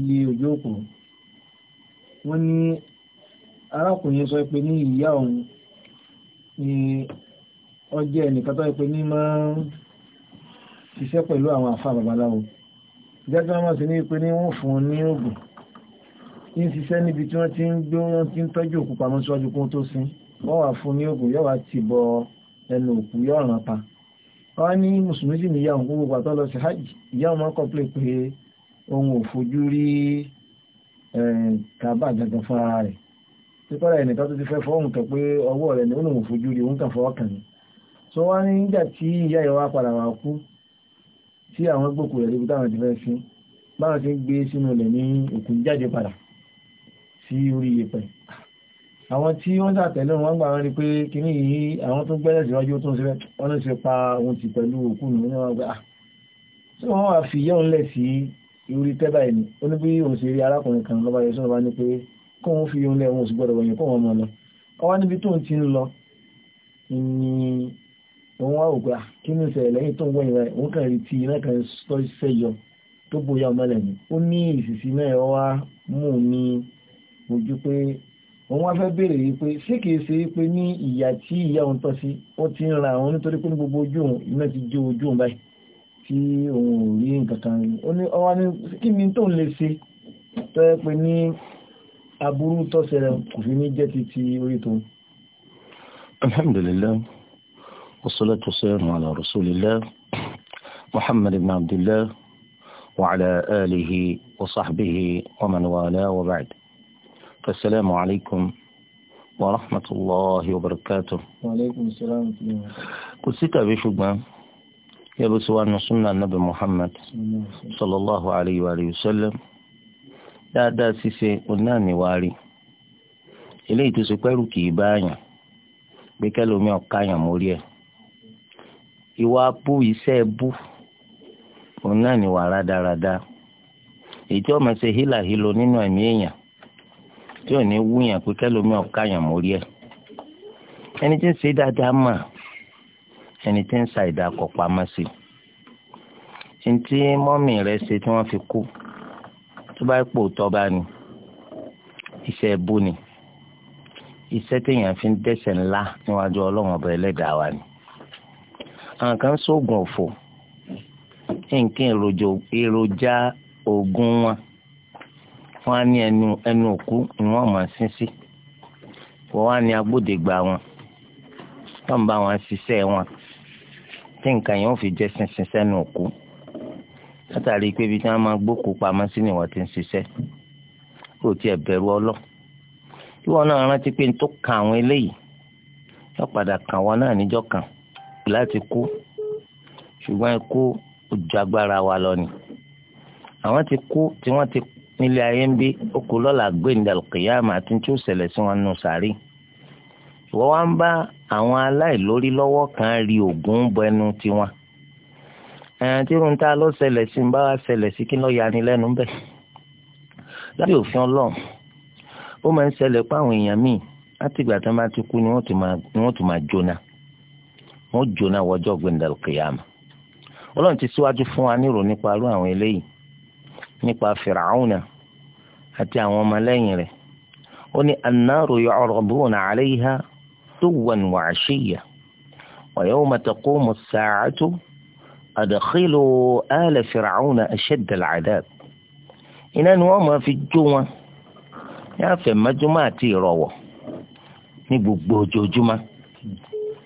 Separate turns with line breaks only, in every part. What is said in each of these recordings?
iye òjò kù wọ́n ní arákùnrin sọ pé ní ìyá òun ni ọjọ́ ẹnìkan tó pé ní máa ń ṣiṣẹ́ pẹ̀lú àwọn àfa babaláwo jáde wọn sì ní pé ní wọ́n fún un ní oògùn ní ṣiṣẹ́ níbi tí wọ́n ti ń gbé wọn ti ń tọ́jú òkú pamọ́ síwájú kó tó sin wọ́n wà fún un ní oògùn yóò wá tì bọ ẹnu òkú yóò ràn pa wọ́n ní mùsùlùmí sì níyàwó gbogbo àtọ́ lọ sí hajj ìyá òun máa ń kọ́ pé òun ò fojú rí kàbá gangan fúnra rẹ̀ tí kọ́lá tó ti fẹ́ fọ́ọ̀mù kan pé ọwọ́ rẹ̀ ni ó lòun fojú rí òun kàn fọwọ́ kàn ní so wá ní nígbà tí ìyá ìwà padà wà kú tí àwọn gbòkú rẹ̀ débi táwọn ti fẹ́ sí báwọn ti ń gbé sínú ilẹ̀ ní òkú jáde padà sí orí ìyẹ̀pẹ̀ àwọn tí wọ́n sàtẹ̀lé wọn gbà wọn ni pé kíní yìí àwọn tó gbẹ́lẹ̀ síwájú tó ń ṣe wọ́n ló pa òun ti pẹ̀lú òkú nù ìwúrí tẹ́bà ẹni ó ní bí òun ṣe rí arákùnrin kan lọ́ba yẹn sọ́nà bá ní pé kó òun fi oúnjẹ òun sì gbọ́dọ̀ wọ̀nyẹn kó wọn mọ̀ lọ ọwá níbi tóun ti ń lọ ni òun wá ògbà ah, kí ní ìṣẹ̀lẹ̀ lẹ́yìn tóun wọ̀nyẹn rẹ̀ òun kàn rí ti iná kan tó ṣiṣẹ́ yọ tó bóyá ọmọlẹ̀ ni ó ní ìsìsì náà ẹ wá mú ní ojú pé òun wá fẹ́ béèrè yìí pé ṣé kìí ṣe pé ní ìyà tí ìyá òun tọ́ sí ó ti ń ra òun nítorí pé ní gbogbo ojú òun iná ti jó ojú òun báyìí tí òun ò rí nǹkankan rí ó ní ọwá ní kí ni tó ń lè ṣe tó yẹ pé ní aburú tọ́sẹ̀rẹ̀ kò fi ní jẹ́ ti ti orí tó
alhamdulillah wassalatu wassalamu ala rasulillah muhammad ibn abdullah wa ala alihi wa sahbihi wa man wala wa ba'd assalamu alaikum wa rahmatullahi wa barakatuh
wa alaikum assalam
kò sí tàbí ṣùgbọ́n يا na suna النبي محمد صلى الله عليه وآله وسلم sise ṣíṣe onáàní wárí eléyìí tó ṣe pẹ́rù kì í báyàn pé kẹlòmí ọ̀káyàn mórí ẹ̀ ìwà bú iṣẹ́ bú onáàní wà rádaràda èyí tí ọmọ ṣe hílàhílo nínú ẹ̀mí èèyàn tí ò ní wúyàn pé kẹlòmí mórí ẹ̀ ẹni tí ń ṣe dáadáa ẹni tí ń sa ìdákọ̀ pamọ́ sí i ntí mọ́mì rẹ̀ ṣe tí wọ́n fi kú tó bá pò tọ́ba ni iṣẹ́ ẹbú ni iṣẹ́ téèyàn fi ń dẹ́ṣẹ̀ ńlá níwájú ọlọ́run ọba ẹlẹ́dàá wa ni àwọn kan sóògùn òfò nǹkan èròjà oògùn wọn wọn á ní ẹnu ẹnu òkú ni wọn máa sín sí wọn á ní agbódegbà wọn wọn bá ṣiṣẹ́ wọn tí nǹkan yẹn ò fi jẹ́ sísin sẹ́nu òkú látàrí pé ibi tí wọ́n máa gbókù pamọ́ sí ni wọ́n ti ń ṣiṣẹ́ kò tiẹ̀ bẹ̀rù ọlọ́ ìwọ náà rántí pé n tó kan àwọn eléyìí yóò padà kàn wọ́n náà níjọ́ kan láti kú ṣùgbọ́n ikú ojú agbára wa lọ ni àwọn ti kú tí wọ́n ti nílé ayé ń bí ó kú lọ́la gbé ní alùkìyàmà àti tí ó ṣẹlẹ̀ sí wọn nù sàárì. wọ́n wá ń bá àwọn aláìlórí lọ́wọ́ kan rí ogun bẹnu tiwọn ẹ̀ẹ́n tí irun a ṣẹlẹ̀ sí ń bá wa ṣẹlẹ̀ sí kí lọ yani lẹ́nu bẹ́ẹ̀ lábẹ́ òfin ọlọ́run ó máa ń ṣẹlẹ̀ pé àwọn èèyàn míì láti ìgbà tí wọ́n bá ti kú ni wọ́n tún máa jóná wọ́n jóná wọjọ́ gbẹ̀ndẹ̀ kìyàmù ọlọ́run ti síwájú fún wa nírò nípa irú àwọn eléyìí nípa fìràhùnà àti àwọn ọmọlẹ́yìn rẹ̀ ó ní anáàrò yọ غدوا وعشيا ويوم تقوم الساعة أدخلوا آل فرعون أشد العذاب iná ni wọ́n máa fi jó wọn ní àfẹ̀mọ́júmọ́ àti ìrọ̀wọ́ ní gbogbo ojoojúmọ́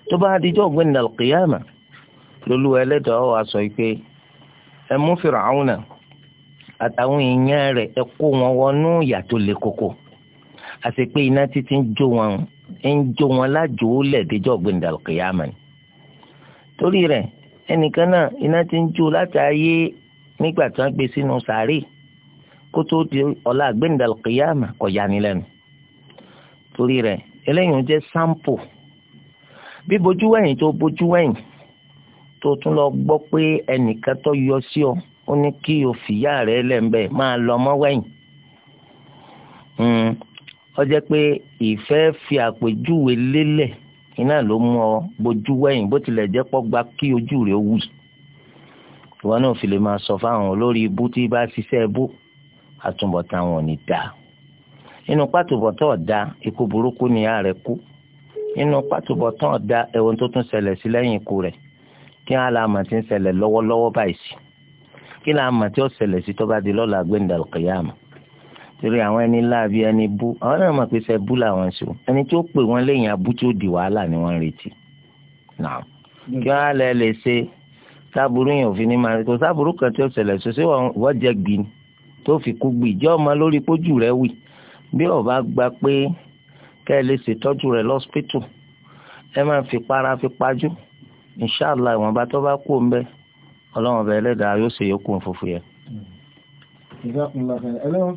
tó bá adijọ́ ọ̀gbẹ́ni alqiyama lólu ẹlẹ́dàá wa sọ pé ẹ mú Fir'auna àtàwọn èèyàn rẹ̀ ẹ kó wọn wọnú ìyà tó le koko àti pé iná títí ń jó wọn ń jó wọn lájò ó lẹ̀ déjọ́ gbẹ̀ndàlùkìyàmà ni torí rẹ̀ ẹnìkan náà iná ti ń jó láti ayé nígbà tí wọ́n gbé sínú sàárè kó tó di ọ̀la gbẹ̀ndàlùkìyàmà kò yanilẹ́nu torí rẹ̀ eléyìí jẹ́ sampo bí bojú wẹ̀yìn tó bojú wẹ̀yìn tó tún lọ gbọ́ pé ẹnìkan tó yọ sí ọ ó ní kí o fìyà rẹ lẹ́ńbẹ̀ máa lọ mọ́ wẹ̀yìn hmm ó jẹ́ pé ìfẹ́ fi àpèjúwe lélẹ̀ iná ló mú ọ bójú wẹ̀yìn bó tilẹ̀ jẹ́ pọ́ gba kí ojú rẹ̀ wù ìwọ náà fi lè máa sọ fáwọn olórí ibú tí bá ṣiṣẹ́ ibú àtúbọ̀tán wọn ò ní dáa inú pàtùbọ̀tán ọ̀dà ikú burúkú ni ìyá rẹ̀ kú inú pàtùbọ̀tán ọ̀dà ẹ̀wọ̀n tó tún ṣẹlẹ̀ sí lẹ́yìn ikú rẹ̀ kí á la àmà tí ń ṣẹlẹ̀ lọ́wọ́lọ́wọ́ báyìí sí kí la àmà tí ó ṣẹlẹ̀ sí tó bá di lọ́la gbẹ̀ndàlùkìyàmù torí àwọn ẹni láàbí ẹni bú àwọn náà mọ̀ pé sẹ́ bú làwọn ń sọ ẹni tó pè wọ́n lẹ́yìn abú tí ó di wàhálà ni wọ́n ń retí náà kí wọ́n á lẹ lè ṣe sábúrú yẹn òfin ní máa rí kò sábúrú kan tí ó ṣẹlẹ̀ ṣe ṣé wọ́n jẹ gbìn tó fi kú gbìn jẹ́ ọmọ lórí pójú rẹ̀ wì bí ọba gba pé kẹ́ ẹ lè ṣètọ́jú rẹ̀ lọ́sípítù ẹ máa fi para fi pajú inṣàlá ìwọ̀nba tó bá kú ńbẹ ọlọ́wọ̀n bẹ́ẹ̀ lẹ́dàá yóò ṣe yókù fúnfún yẹn.
ìdákùnlá ẹlẹ́wọ̀n.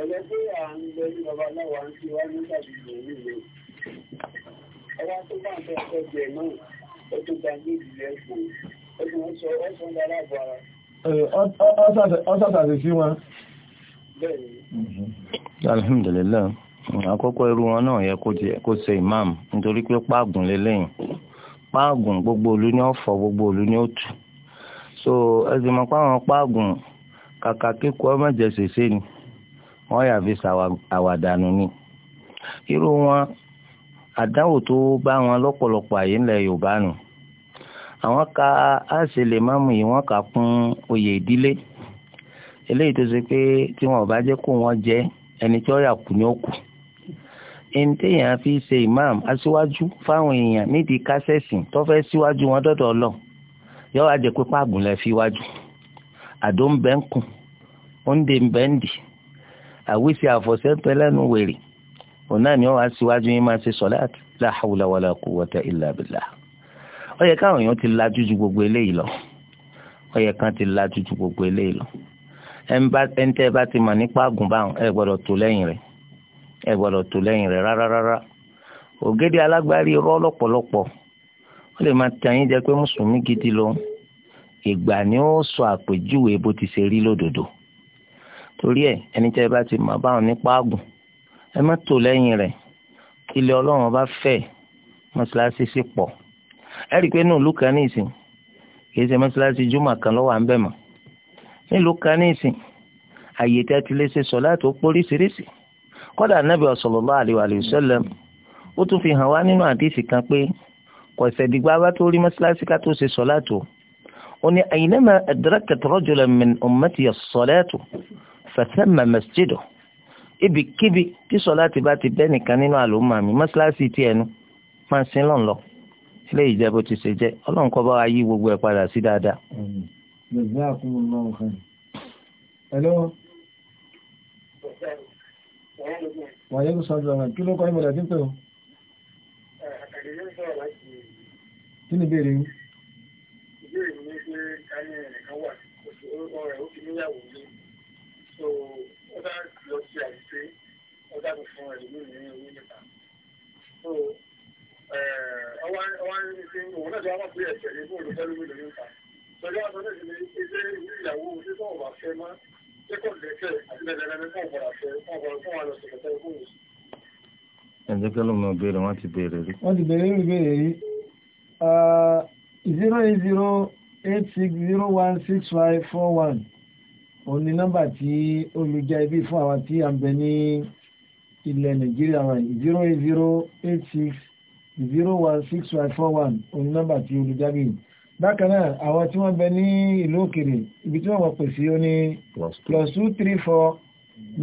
ọ̀yẹ́ pé à ń gbé ní babaláwa ń fi wá nígbà tí mò ń tó bá ń fẹ́ fẹ́ náà ó gba
ní sọ ara. sí wọn.
Mhm.
àkọ́kọ́ irú wọn náà yẹ kó ṣe imam nítorí pé páàgùn páàgùn gbogbo olú ni ó gbogbo olú ni ó tù so ẹ̀sìn páàgùn kàkà wọ́n yà fi ṣàwàdànù ni irú wọn àdáwò tó bá wọn lọ́pọ̀lọpọ̀ àyè ńlẹ̀ yorùbá nù àwọn ka àṣìlè máàmù yìí wọ́n kà kún oyè ìdílé eléyìí tó ṣe pé tí wọn ò bá jẹ́ kó wọn jẹ ẹni tí ó yà kù ní òkú ẹni téèyàn fi ṣe imam aṣíwájú fáwọn èèyàn nídìí kásẹ̀sì tó fẹ́ síwájú wọn dọ́dọ̀ lọ yọ wá jẹ pé páàgùn lẹ fi wájú àdó ń bẹ́ ń kùn ó ń de ń bẹ́ ń dì àwísí àfọ̀sẹ́tọ̀ ẹlẹ́nu wèrè òun náà ni wọ́n wá síwájú yín máa ṣe sọ̀láàtì la hawla wala quwwata illa billah ó yẹ káwọn èèyàn ti lajú ju gbogbo eléyìí lọ ó yẹ kán ti lajú ju gbogbo eléyìí lọ ẹnitẹ́ bá ti mọ̀ nípa àgùn báwọn ẹ gbọ́dọ̀ tó lẹ́yìn rẹ̀ ẹ gbọ́dọ̀ tó lẹ́yìn rẹ̀ rárá ògèdè alágbárí rọ́ lọ́pọ̀lọpọ̀ ó lè máa tẹ̀yìn jẹ pé mùsùlùmí gidi lòun ìgbà ni ó sọ àpèjúwe bó ti ṣe rí lódodo torí ẹ ẹni tẹ́ ẹ bá ti mọ̀ báwọn nípa àgùn ẹ má tò lẹ́yìn rẹ̀ ilé ọlọ́run bá fẹ̀ mọ́ṣáláṣí sì pọ̀ ẹ rí i pé ní ìlú kan ní ìsìn kìí ṣe mọ́ṣáláṣí júmọ̀ kan lọ́wọ́ à ń bẹ̀ mọ́ nílùú kan ní ìsìn àyè tẹ́ ti lè ṣe sọ̀láàtì ó póríṣiríṣi kódà Ànábì sallallahu alaihi wa sallam ó tún fi hàn wá nínú àdìsí kan pé kò ṣẹ̀dìgbà bá tó rí mọ́ṣáláṣí ká tó ṣe sọ̀láàtì ó ní aynama adrakta rajulan fathamma masjiduhu ibikíbi tí sọláàtì bá ti bẹ́ nìkan nínú àlùmọ́ mi mọ́ṣáláṣí tí ẹnu máa sin lọ́n lọ ilé ìjẹ́ bó ti ṣe jẹ́ ọlọ́run kọ́ bá wa yí gbogbo ẹ̀ padà sí dáadáa.
Hello. wàyé kò sọ́jú ọ̀rọ̀ kí ló kọ́ ìmọ̀lẹ̀ tí ń pè ọ́. kí ni ìbéèrè yín.
ìbéèrè mi ni pé ká ní ẹnìkan wà orúkọ rẹ̀ ó fi níyàwó ní so wọ́n bá lọ sí àìsí wọ́n dábò fún ẹ̀lú ní owó nípa so eh, ọwọ́ ní òun náà tó wá pé ẹ̀sẹ̀ ní fún olùkọ́ lówó lórí nípa pẹ̀lú àwọn ọmọdé ti ní ilé ìyàwó nípa ọ̀bà fẹ́ mọ́ kẹ́kọ̀ọ́ lẹ́kẹ̀ àti lẹ́lẹ́lẹ́lẹ́ fún ọ̀bà fẹ́ fún ọ̀bà fún wa lọ sọ̀tẹ̀ fún òun.
ẹ̀jẹ̀ kẹ́lọ́ mọ̀ béèrè wọ́n ti béèrè rí.
wọ́n ti béèrè rí béèrè rí eh, zero eight zero eight six zero one six five four one òun ni nọ́mbà tí olùjà ibi fún àwa tí a ń bẹ ní ilẹ̀ nàìjíríà wa zero eight zero eight six zero one six five four one òun ni nọ́mbà tí olùjà bí bákan náà àwọn tí wọ́n bẹ ní ìlú òkèrè ibi tí wọ́n wọ́n pè sí ó ní plus two three four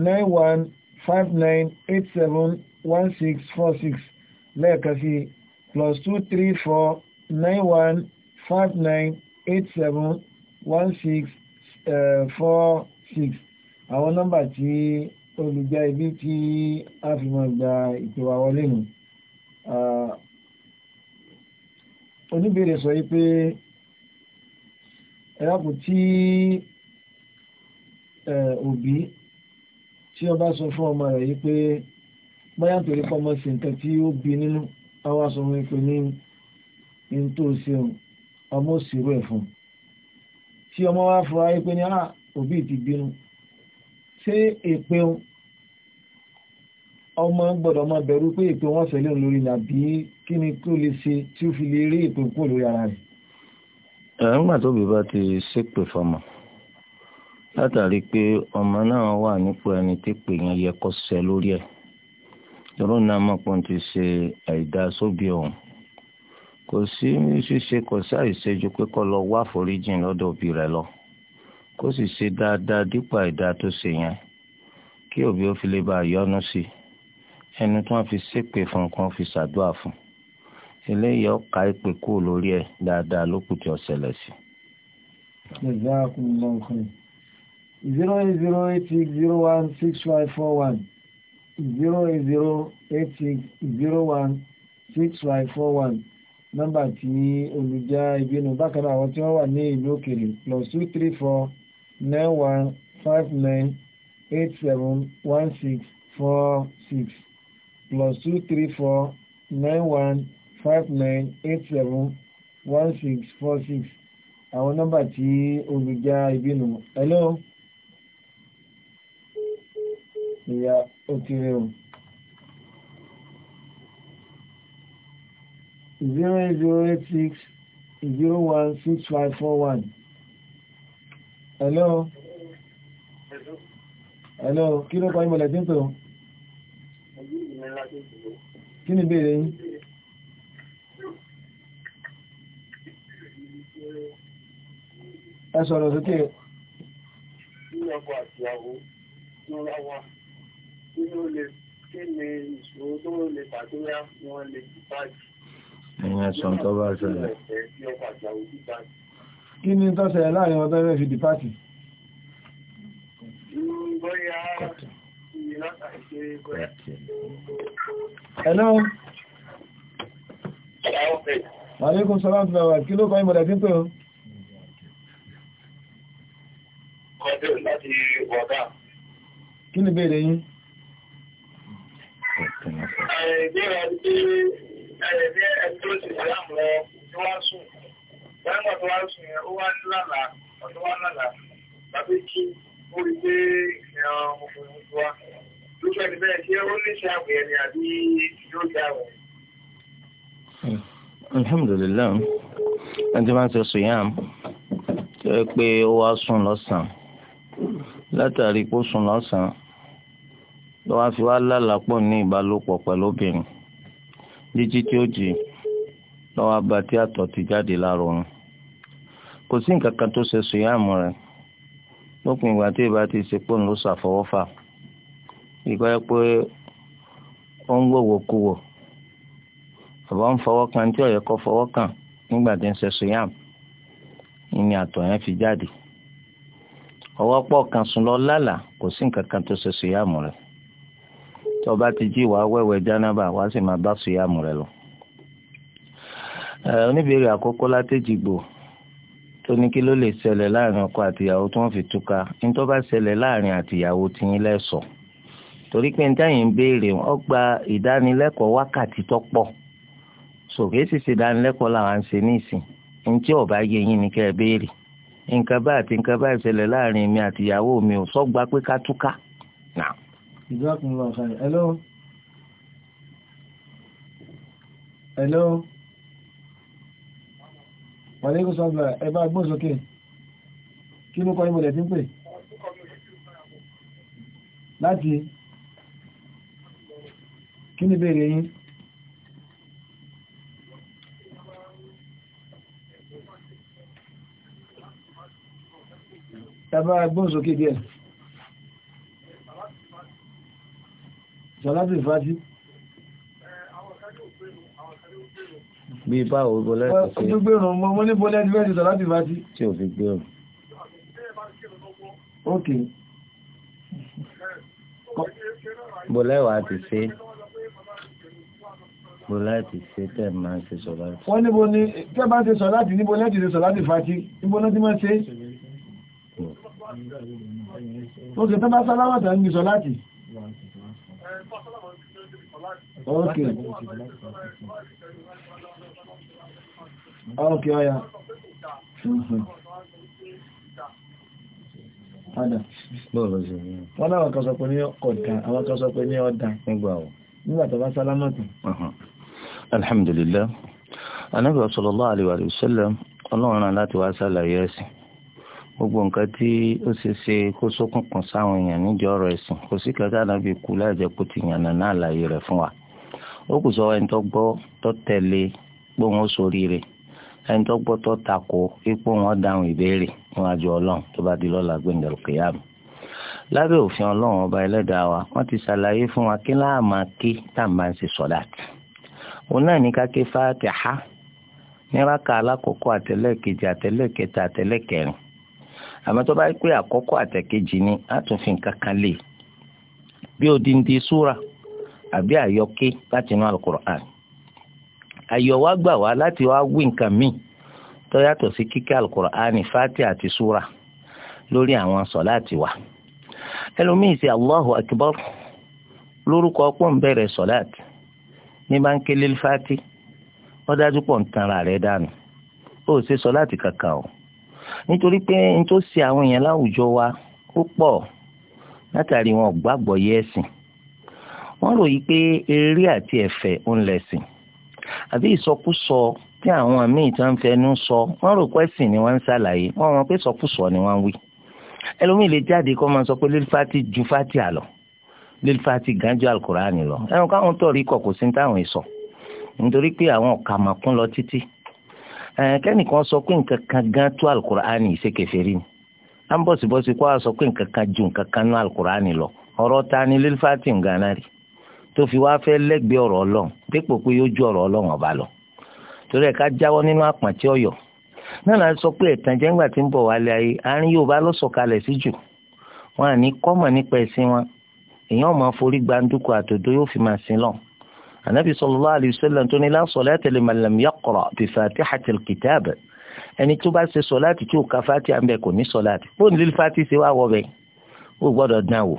nine one five nine eight seven one six four six lẹ́ẹ̀kan sí plus two three four nine one five nine eight seven one six four six àwọn nọ́mbà tí olùgbà ibi tí a fi mọ̀ gba ìpè wa wọlé nù oníbèrè sọ yí pé ẹ̀rápù tí òbí tí ó bá sọ fún ọmọ rẹ̀ yí pé bóyá torí pọ́mọ sí nǹkan tí ó bí nínú àwọn aṣọ wọn pé ní ní tó ṣeun ọmọ ẹ̀ fún un tí ọmọ wa fura yí pé ní àà ah, òbí ti bínú ṣé èpè ọmọ gbọ́dọ̀ máa bẹ̀rù pé èpè wọ́n fẹ̀lẹ́ lórí nàbí kí ni tó lè ṣe tí ó fi lè rí èpè kúrò lórí ara rẹ̀.
ẹ̀ ń gbà bá ti ṣépè fọmọ látàrí pé ọmọ náà wà nípò ẹni tí pè yẹn yẹ kó ṣẹ lórí ẹ̀ lọ́rọ̀ náà ti ṣe àìdá sóbì ọ̀hún kò sí ṣíṣe kò sáìṣe ju pé kó lọ wá foríjìn lọ́dọ̀ òbí rẹ̀ lọ kó sì ṣe dáadáa dípò àìdá tó ṣe yẹn kí òbí ó fi lè bá a yọ́nú sí ẹni tí wọ́n fi ṣépè fún kan fi ṣàdúrà fún eléyìí ọkà ìpè kú lórí ẹ̀ dáadáa ló kù tí ó ṣẹlẹ̀ sí.
zero eight zero eight six zero one six five four one zero eight zero eight six zero one six five four one nọ́mbà tí olùjá ibi nù àwọn tí wọ́n wà ní ìlú òkèrè plus two three four nine one five nine eight seven one six four six plus two three four nine one five nine eight seven one six four six àwọn nọ́mbà tí olùjá ibi hello. Yeah, okay. zero eight zero eight six zero one six five four one. hello. hello kí ló kọ́ ìmọ̀lẹ̀ tí ń pè ọ́.
kí ni ìbéèrè yín. ẹ sọ̀rọ̀ sókè. nínú ọkọ̀ àti àwọn tí wọ́n bá wà nínú lè kí ni ìṣòro tó lè pàtóyá wọn lè ti báyìí
ẹ̀yìn ẹ̀sùn tó bá ṣẹlẹ̀.
kí ni tó ṣẹlẹ̀ láàrin ọdọ́ ẹgbẹ́ fi di pàtì? hello Wàlékún sọ́lá ti lọ́wọ́ kí ló kọ́ ìmọ̀dẹ̀ tí ń pè ó?
Kọ́dé láti ẹ̀rẹ̀ bí ẹni tó ti sí àmọ́ tí wọ́n sùn lẹ́yìn tó wọ́n sùn yẹn ó wá ní lálàá ọ̀dọ́ wá lálàá tàbí kí ó rí pé ìyàn ọkùnrin tó wá lókè ní bẹ́ẹ̀ ṣé ó ní ṣàbẹ̀ ẹni àbí yóò dá ọ̀.
alhamdulilayi ẹni tí wọ́n ti sùn yàn tó yẹ pé ó wá sùn lọ́sàn-án látàrí kó sùn lọ́sàn-án ló wá fi wá lálàá ní ìbálòpọ̀ pẹ̀lú obìnrin jíjí tí ó jì lọ́wọ́ abá tí àtọ̀ ti jáde lára òun kò sí nǹkan kan tó ṣe sùyàmù rẹ̀ lópin ìgbà tí ìbá ti ṣe pé òun ló ṣàfọwọ́fà ìgbà yẹ pé ó ń wòwò kú wò àbá ń fọwọ́ kan tí ọ̀yẹ́ kọ́ fọwọ́ kàn nígbà tí ń ṣe sùyàmù ìní àtọ̀ yẹn fi jáde ọwọ́ pọ̀ kan sùn lọ lálàá kò sí nǹkan kan tó ṣe sùyàmù rẹ̀ tó ti jí wàá wẹ̀wẹ̀ jánábà wàá sì máa bá sùyàmù rẹ lọ. oníbèrè àkọ́kọ́ látẹ́jìgbò tó ní kí ló lè ṣẹlẹ̀ ọkọ àtìyàwó tí wọ́n fi tuka ní tó bá ṣẹlẹ̀ láàrin àtìyàwó tiyín lẹ́sọ̀ọ́ torí pé ntẹ́yìn ń béèrè ọ gba ìdánilẹ́kọ̀ọ́ wákàtí tó pọ̀ sòkè sì ìdánilẹ́kọ̀ọ́ làwọn ń ṣe nísìn ntí yẹ yín ni
ìjọ́kùn lọ ṣàrẹ̀ hello hello wàlékún sọ́gbà ẹbá gbóòsókè kí ló kọ́ ní mọ̀lẹ̀ tí ń pè láti kí ni bèèrè yín ẹbá gbóòsókè díẹ̀ ṣọ́látù ìfájú bí bá ò bọ́lẹ́tì sí gbígbérùn mọ́ mọ́ ní bọ́lẹ́tì fẹ́ ti ṣọ́látù ìfájú tí ò fi gbérùn ok
bọ́lẹ́wà ti ṣe
bọ́lẹ́tì ṣe tẹ́ máa ń ṣe ṣọ́látù
wọ́n níbo ní tẹ́ bá ṣe ṣọ́látù níbo lẹ́tì ṣe ṣọ́látù ìfájú níbo lọ́tí máa ṣe
ó hmm. tẹ́ bá sáláwàtà ń gbìṣọ́ láti Okay. Okay, ọya.
Ada. Bọ́ọ̀lọ́ sí ní. Wọ́n láwọn kan sọ pé ní ọ̀dá, àwọn kan sọ pé ní ọ̀dá. Nígbà ọ̀. Nígbà tó bá sálámọ̀tì.
Alhamdulillah. Anábì sallallahu alaihi wa sallam, ọlọ́run láti wá sálàyé ẹ̀sìn gbogbo nǹkan tí ó ṣe ṣe kó sókùnkùn sáwọn èèyàn níjọ ọ̀rọ̀ ẹ̀sìn kò sí kankan náà fi kú láì jẹ́ kó ti yànnà náà àlàyé rẹ̀ fún wa ó kù sọ ẹni tó gbọ́ tó tẹ̀lé pé wọ́n ṣoríire ẹni tó gbọ́ tó takò pé wọ́n dáhùn ìbéèrè níwájú ọlọ́run tó bá di lọ́la gbẹ̀ngàn kìyàmù lábẹ́ òfin ọlọ́run ọba ẹlẹ́dàá wa wọ́n ti ṣàlàyé fún wa kí láà máa ké tá à máa ń ṣe sọ̀dáàtì òun náà ní káké fáátìhá ní àmọ́ tó pé àkọ́kọ́ àtẹ̀kejì ni a tún fi nǹkan kan lè bí odindi súra àbí àyọké láti inú alukur'an àyọ̀ wa gbà wá láti wá wí nǹkan míì tó yàtọ̀ sí kíkẹ́ alukur'an fati àti súra lórí àwọn sọ̀láàtì wa ẹlòmíì sí allahu akbar lórúkọ ọpọ́n bẹ̀rẹ̀ sọ̀láàtì ní bá ń ké lil fati ó dájú pọ̀ ń tanra rẹ̀ dànù ó ṣe sọ̀láàtì kankan o nítorí pé n tó ṣe àwọn èèyàn láwùjọ wa ó pọ̀ látàrí wọn gbàgbọ́ yẹ ẹ̀sìn wọ́n rò yí pé eré àti ẹ̀fẹ̀ ń lẹ̀sìn àbí ìsọkúsọ tí àwọn míì tó fẹnu sọ wọ́n rò pé ni wọ́n ń ṣàlàyé wọ́n mọ̀ pé ìsọkúsọ ni wọ́n ń wí ẹlòmíì lè jáde kó máa sọ pé lílfàtì ju fàtì àlọ́ lílfàtì gánjú àlùkùránì lọ ẹ̀wọ̀n káwọn tọ̀rí kọ̀ kò táwọn ìsọ̀ nítorí pé àwọn ọ̀kà màkún lọ títí kẹ́nìkan sọ pé nǹkan kan gan tó alukur'ani ṣe kèfèrí ni à ń bọ̀sibọ́sí kó a sọ pé nǹkan kan ju nǹkan kan ní alukur'ani lọ ọ̀rọ̀ ta ni lílfàtì ń gánà rí tó fi wá fẹ́ lẹ́gbẹ̀ẹ́ ọ̀rọ̀ ọlọ́run dípò pé yóò ju ọ̀rọ̀ ọlọ́run ọba lọ torí ẹ̀ ká jáwọ́ nínú àpàtì ọ̀yọ́ náà la sọ pé ẹ̀tàn jẹ́ngbà tí ń bọ̀ wálé ayé àárín Yorùbá ló sọ̀kalẹ̀ sí jù wọn à ní kọ́mọ̀ nípa ẹ̀sìn wọn èèyàn máa forí gbàǹdùkú àtòdó yóò fi máa sin lọ́n anabi sallallahu alayhi wa sallam tó ní la salata liman lam yaqra bi fatihatil kitab ẹni tó bá ṣe sọláàtì tí ò ka fati àmbẹ kò ní sọláàtì bóun lílì fati ṣe wá wọbẹ ó gbọ́dọ̀ dán wò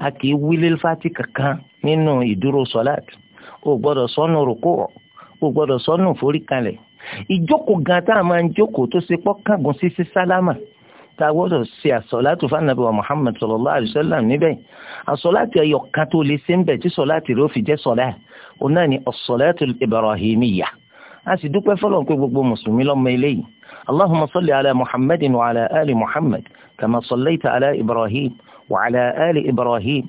a kì í wí lílì fati kankan nínú ìdúró sọláàtì ó gbọ́dọ̀ sọnù rúkú ó gbọ́dọ̀ sọnù foríkalẹ̀ ìjókòó gan tá máa ń jókòó tó ṣe pọ sí sí sálámà ta gbọ́dọ̀ ṣe àsọ̀látù fanabi wa muhammed sallallahu alayhi wa sallam níbẹ̀ àsọ̀látù ẹ̀yọ̀ kan tó lè ṣe ń bẹ̀ tí sọ̀látù rẹ̀ ó fi jẹ́ sọ̀lá ò náà ni ọ̀sọ̀látù ibrahimiya a sì dúpẹ́ fọlọ́n pé gbogbo mùsùlùmí lọ́mọ eléyìí allahumma salli ala muhammadin wa ala ali muhammad kama sallaita ala ibrahim wa ala ali ibrahim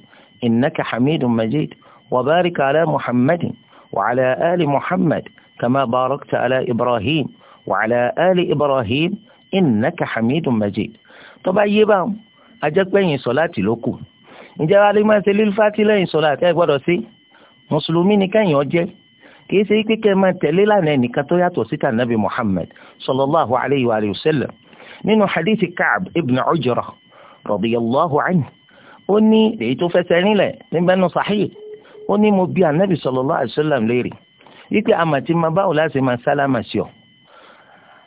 innaka hamidun majid wa barik ala muhammadin wa ala ali muhammad kama barakta ala ibrahim wa ala ali ibrahim innaka hamidun majid tó bá yé báwọn ajẹ́pẹ́yìn sọ̀láàtì ló kù ǹjẹ́ wàá lè máa ṣe lílfàtì lẹ́yìn sọ̀láàtì ẹ̀ gbọ́dọ̀ sí mùsùlùmí ni kẹ́yìn ọjẹ́ kì í ṣe pé kẹ́ máa tẹ̀lé lánàá ẹnìkan tó yàtọ̀ síta nàbì Muhammad sallallahu alayhi wa sallam nínú hadithi Ka'b ibn Ujra radiyallahu anhu ó ní èyí tó fẹsẹ̀ rinlẹ̀ níbẹ̀nu sahih ó ní mo bi anabi sallallahu alayhi wa sallam léèrè wípé àmàtí máa báwo láti máa sálámà sí ọ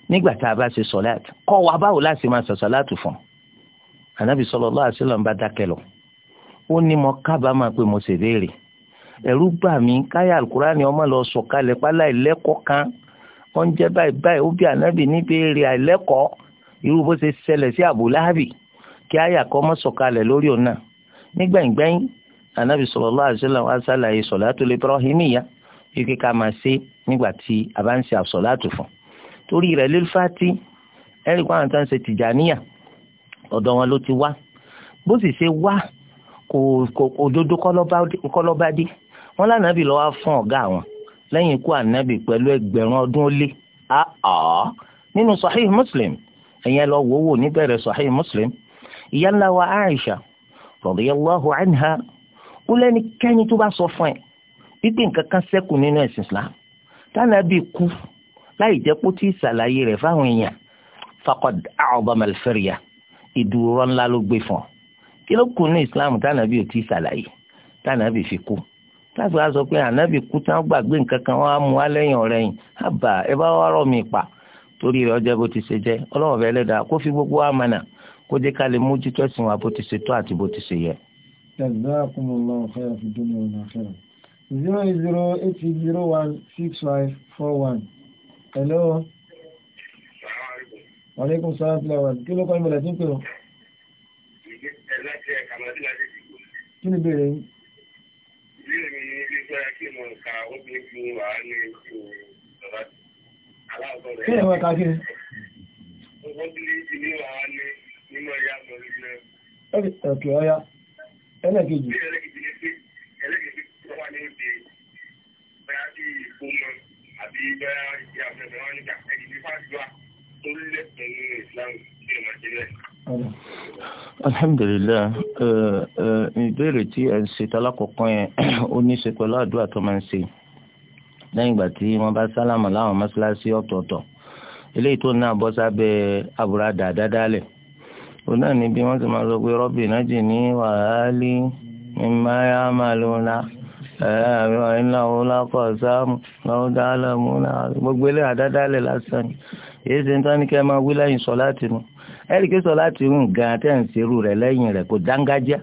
nígbà tá a bá ṣe sọláàtì kọ́ wa báwo láti máa ṣe sọláàtì fún un ànábì sallallahu alaihi wasallam bá dákẹ́ lọ ó ní mo kábàámọ̀ pé mo ṣe béèrè ẹ̀rú bà mí káyà alukurani ọmọ lọ sọ̀kalẹ̀ pálá ìlẹ́kọ̀ọ́ kan ó ń jẹ́ báyìí báyìí ó bí ànábì ní béèrè àìlẹ́kọ̀ọ́ irú bó ṣe ṣẹlẹ̀ sí Abu Lahabi kí àyà kọ́ mọ́ sọ̀kalẹ̀ lórí òun náà nígbẹ̀yìngbẹ̀yìn ànábì sallallahu alaihi wasallam wá torí rẹ̀ lílfàtì ẹ̀rí kó àwọn tó ń ṣe tìjàníyà ọ̀dọ̀ wọn ló ti wá bó sì ṣe wá kò kò òdodo kọ́lọ́bádé wọn lànàbì lọ́wọ́ fún ọ̀gá àwọn lẹ́yìn ikú ànábì pẹ̀lú ẹgbẹ̀rún ọdún ó lé àá nínú sahih muslim ẹ̀yẹn lọ wò wò níbẹ̀rẹ̀ sahih muslim ìyá ńlá wa aisha radiyallahu anha ó lẹ́ni kẹ́ni tó bá sọ fún ẹ pípé nǹkan kan nínú ẹ̀sìn islam tánàbì kú láì jẹ́ kó tí ì ṣàlàyé rẹ̀ fáwọn èèyàn faqad a'zama al-firya ìdúró ńlá ló gbé fún ọ kí ló kù ní islam tànàbí ò tí ì ṣàlàyé tànàbí fi kú láti wá sọ pé ànábì kú tí wọ́n gbàgbé nǹkan kan wọ́n á mú alẹ́yìn ọ̀rẹ́ yìí àbá ẹ bá wá rọ̀ mí pa torí rẹ̀ ọjọ́ bó ti ṣe jẹ́ ọlọ́run bẹ́ẹ̀ lẹ́dàá kó fi gbogbo wa mọ̀nà kó jẹ́ ká lè mójútó ẹ̀sìn wa bó ti ṣe tó àti bó ti ṣe yẹ.
jazakumullahu khairan fid dunya wal akhirah zero eight zero eight zero one six five four one hello aleykum salaam tí lọ́wọ́ kí ló kọ́ ìmọ̀lẹ̀ tí ń pè ọ́ kí ni bèèrè yìí
ilé mi ní ilé iṣẹ́ kí mo ka obìnrin fi wà ní ìlú ìjọba kí ni wọ́n ka kí ni obìnrin fi ní wà ní nínú ẹ̀yà mọ̀lú náà
ọ̀kẹ́ ọ̀yá ẹlẹ́kejì
ẹlẹ́kejì ní pé ẹlẹ́kejì tó wà ní ìdè bẹ́ẹ̀ bí ìkó àbí bẹ́ẹ̀ ìyá àfẹ́fẹ́ wọn nígbà ẹni tí fàdúrà tó lẹ́pẹ̀ nínú ìsìlámù sí ọmọ
ìṣẹ̀lẹ̀. alhamdulillah ìbéèrè tí ẹ ń ṣe tálákọ̀ọ́kọ́ yẹn ó ní í ṣe pẹ̀lú àdúrà tó máa ń ṣe lẹ́yìn ìgbà tí wọ́n bá sálámà láwọn mọ́ṣáláṣí ọ̀tọ̀ọ̀tọ̀ eléyìí tó náà bọ́ sábẹ́ àbúradà dáadáalẹ̀ òun náà ni bí wọ́n ti máa sọ pé rọ́bì náà jì ní wàhálì mímáyá máa lóun àwọn iná òun lápá sáàmù lọ́wọ́ dáálà mú náà gbogbo ilé àdádálẹ̀ lásán ni èyí ti ń tán ní kẹ́ máa wí lẹ́yìn sọ láti nù ẹ̀ríkì sọ láti rùn gan-an tẹ̀ ń serú rẹ̀ lẹ́yìn rẹ̀ kò dángájá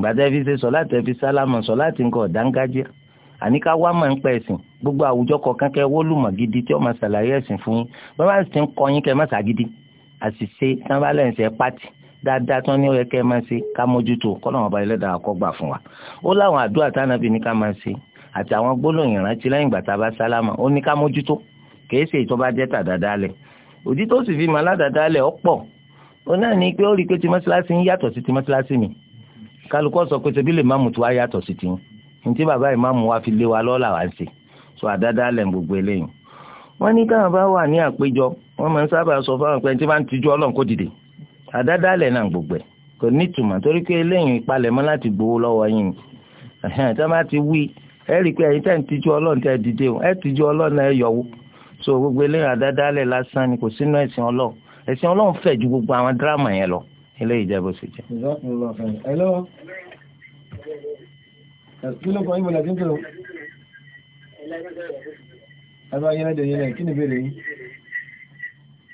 gbàtẹ́ fi ṣe sọ láti fi sálámà sọ láti ń kọ̀ dángájá àníká wá máa ń pẹ́ ẹ̀sìn gbogbo àwùjọ kọ̀ọ̀kan kẹ́ wólùmọ̀ gidi tí ó máa ṣàlàyé ẹ̀sìn fún yín bá ń kọ́ yín kẹ́ máa ṣàgídí àṣìṣe tán bá lẹ́yìn sẹ́ pátì dáadáa tán ní ọ̀yẹ́kẹ́ máa ṣe ká mójútó kọ́lọ́mọ̀ ọba ẹlẹ́dàá kó gbà fún wa ó láwọn àdúrà tánàbí ní ká máa ṣe àti àwọn gbólóyìn rántí lẹ́yìn ìgbà tá a bá sálámà ó ní ká mójútó kìí ṣe ìtọ́ba jẹ́ tàdádálẹ̀ òdí tó sì fi máa ládàádálẹ̀ ó pọ̀ ó náà ní pé ó rí i pé ti ń yàtọ̀ sí ti mi kálukọ́ sọ pé ṣebí lè máàmù tí wa fi lé wa so àdádálẹ̀ gbogbo eléyìí wọ́n ní káwọn bá wà ní àpéjọ wọ́n máa ń sábà sọ fáwọn pé tí bá ń tijú ọlọ́run kó dìde àdádálẹ̀ náà gbogbo ẹ̀ kò ní ìtumọ̀ torí pé eléyìí ìpalẹ̀mọ́ láti gbowó lọ́wọ́ yín ẹ̀hẹ́n tí wọ́n bá ti wí ẹ rí i pé ẹ̀yin tẹ̀ ń tijú ọlọ́run tẹ̀ dìde o ẹ tijú ọlọ́run ẹ yọ̀wó so gbogbo eléyìí àdádálẹ̀ lásán ni kò sínú ẹ̀sìn ọlọ́run ẹ̀sìn ọlọ́run fẹ̀ ju gbogbo àwọn dírámà yẹn lọ eléyìí jẹ́ bó ṣe jẹ́.
ẹ̀rọ ayélujára yẹn kí ni ìbéèrè yín.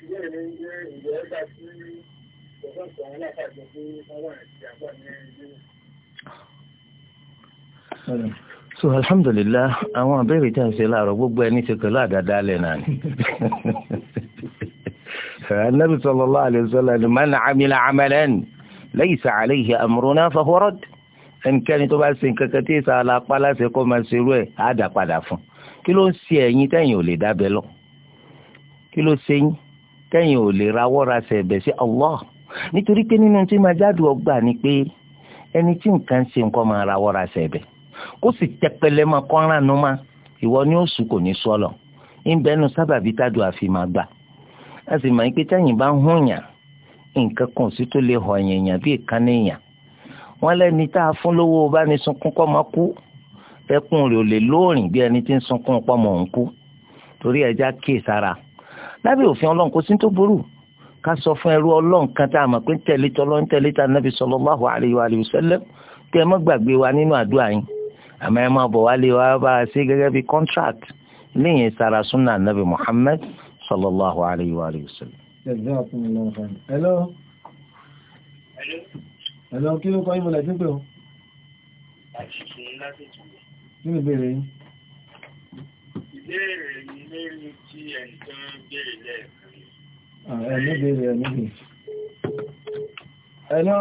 ìbéèrè mi ń
so alhamdulillah àwọn abẹ́rẹ́ tí a ṣe láàárọ̀ gbogbo ẹni ṣe pẹ̀lú àdáda alẹ́ náà ni anabi sallallahu alayhi wa sallam man amila amalan laysa alayhi amruna fahuwa radd ẹnikẹ́ni tó bá ṣe nǹkan kan tí ìsà alápá láti kọ́ máa ṣe irú ẹ̀ á dà padà fún kí ló ń ṣe ẹ̀yin tẹ̀yin ò lè dábẹ́ lọ kí ló ṣe yín tẹ̀yin ò lè rawọ́ ṣẹ̀bẹ̀ sí Allah nítorí pé nínú tí máa jáde ọgbà ni pé ẹni tí nǹkan ṣe nǹkan máa ra wọ́ra ṣẹ̀bẹ̀ kó sì tẹpẹlẹ máa kọ́ran nu ma ìwọ ni ó sùn kò ní sọ́lọ̀ ńbẹ́nu sábàbí tádù àfi máa gbà a sì máa ń pé tẹ́yìn bá ń hùn yàn nǹkan kan sí tó lè hàn yàn yàn bíi kan níyàn wọ́n lẹ́ni tá a fún lówó bá ní sunkún kọ́ máa kú ẹkún rẹ̀ ò lè lóòrìn bí ẹni tí ń sunkún pọ́ mọ̀ ń kú torí ẹja kíyèsára lábẹ́ òfin ọlọ́run kò sí tó burú ká sọ fún ẹrú ọlọ́run kan tá a mọ̀ pé ń tẹ̀lé tọ́lọ́ ń tẹ̀lé tá nàbì sallallahu alaihi wa alihi wasallam kí ẹ má gbàgbé wa nínú àdúrà yín àmọ́ ẹ má bọ̀ wá lé wa bá a ṣe gẹ́gẹ́ bí contract lẹ́yìn sara sunna nàbì Muhammad sallallahu alaihi wa alihi wasallam.
hello hello kí ló kọ́ ìmọ̀lẹ̀ ń pè ọ́. lẹ́ẹ̀kan. Ah, ẹ̀mí bèèrè ẹ̀mí bèèrè ẹ̀lọ́